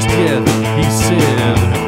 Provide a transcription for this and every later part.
just yet, he said.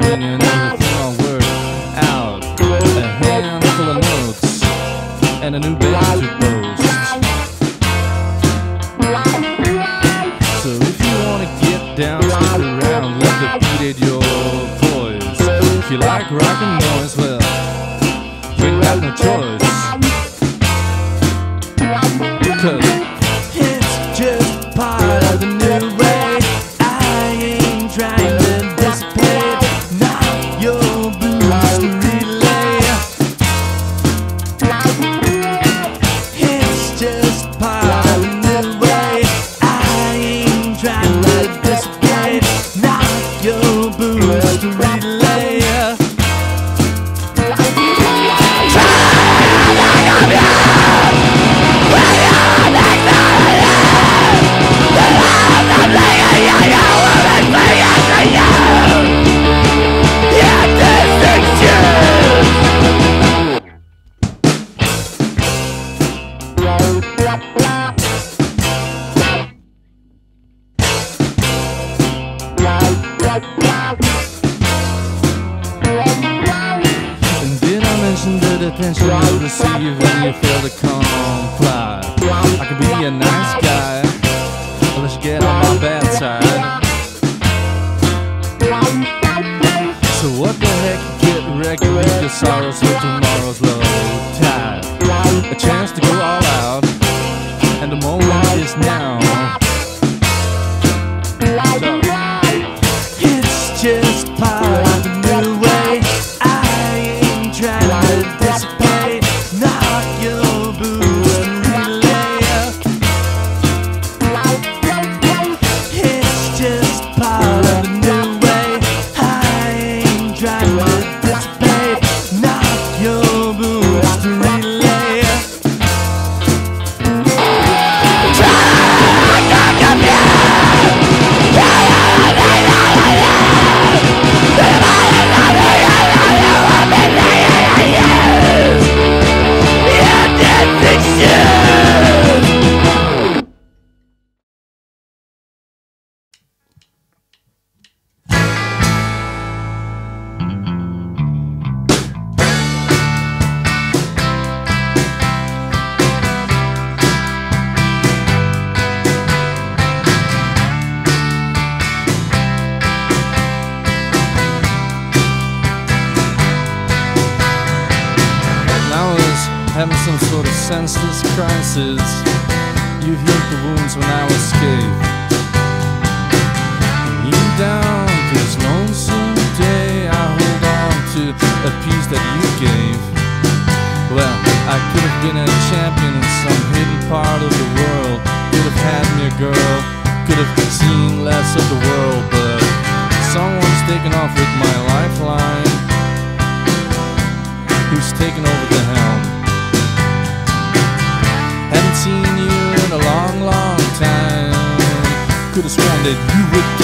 When swinging everything I work out. A handful of notes and a new baby to boast. So if you wanna get down, stick around, let the beat at your voice. If you like rock and noise, well, you have got no choice. since this crisis, you've healed the wounds when I escaped. Lean down this lonesome day, I hold on to a piece that you gave. Well, I could have been a champion in some hidden part of the world. Could have had me a girl, could have seen less of the world, but someone's taken off with my lifeline. that you would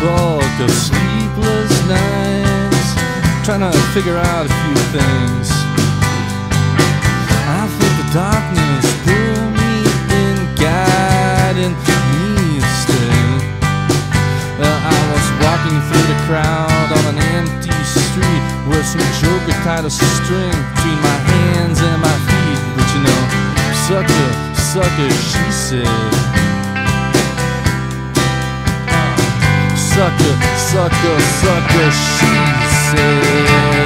bulk of sleepless nights, trying to figure out a few things. I feel the darkness pull me in, guiding me instead. Well, I was walking through the crowd on an empty street where some joker tied a string between my hands and my feet. But you know, sucker, sucker, she said. sucker, sucker, sucker, she said.